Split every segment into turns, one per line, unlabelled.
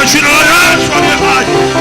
ganz schön Orange von dem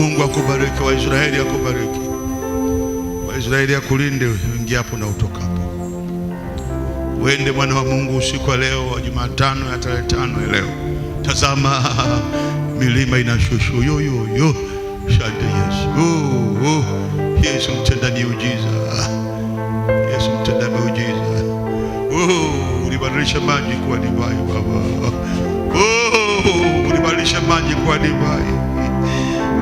Mungu akubariki, Waisraeli akubariki, Waisraeli akulinde uingiapo na utokapo. Wende mwana wa Mungu usiku wa leo wa Jumatano ya tarehe tano ya leo. Tazama milima inashushu yo yo yo, Shante Yesu. Oh, oh. Yesu mtenda miujiza, Yesu mtenda miujiza. Oh, ulibadilisha maji kuwa divai Baba. Oh, ulibadilisha maji kuwa divai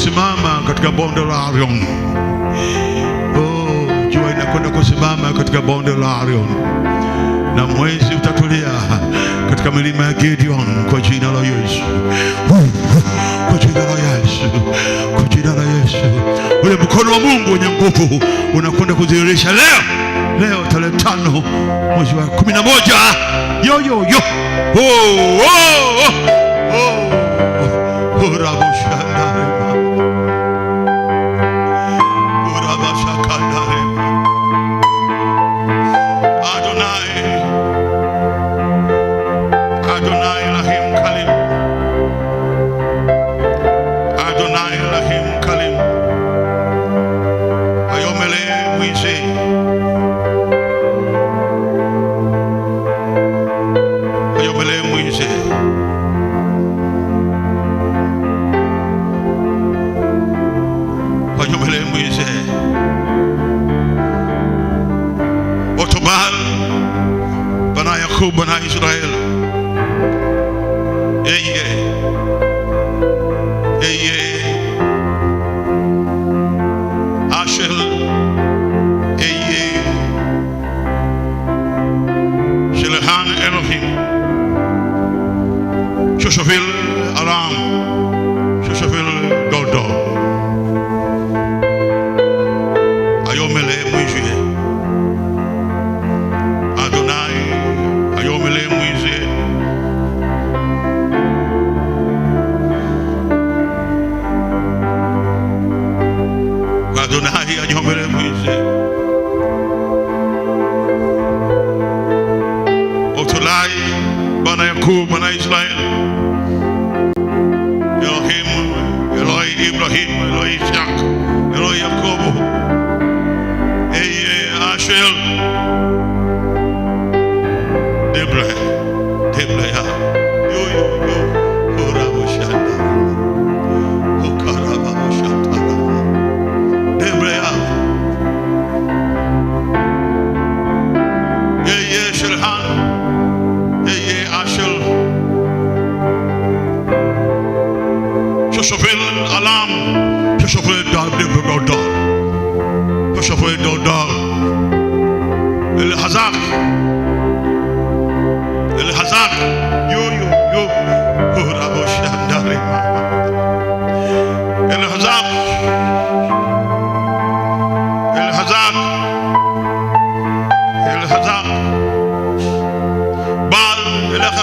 kusimama katika bonde la Arion. Oh, jua inakwenda kusimama katika bonde la Arion na mwezi utatulia katika milima ya Gideon kwa jina la Yesu, kwa jina la Yesu, kwa jina la Yesu. Ule mkono wa Mungu wenye nguvu unakwenda kudhihirisha leo leo tarehe tano mwezi wa kumi na moja yoyoyo yo. oh, oh, oh, oh, oh, oh, Abraham.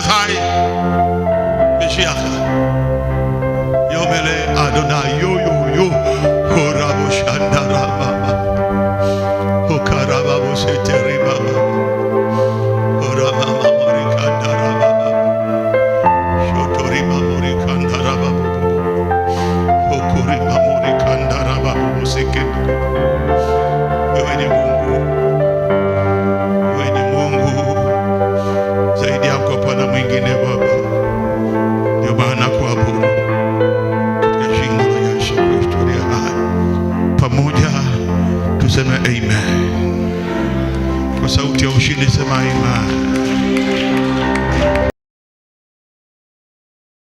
vai.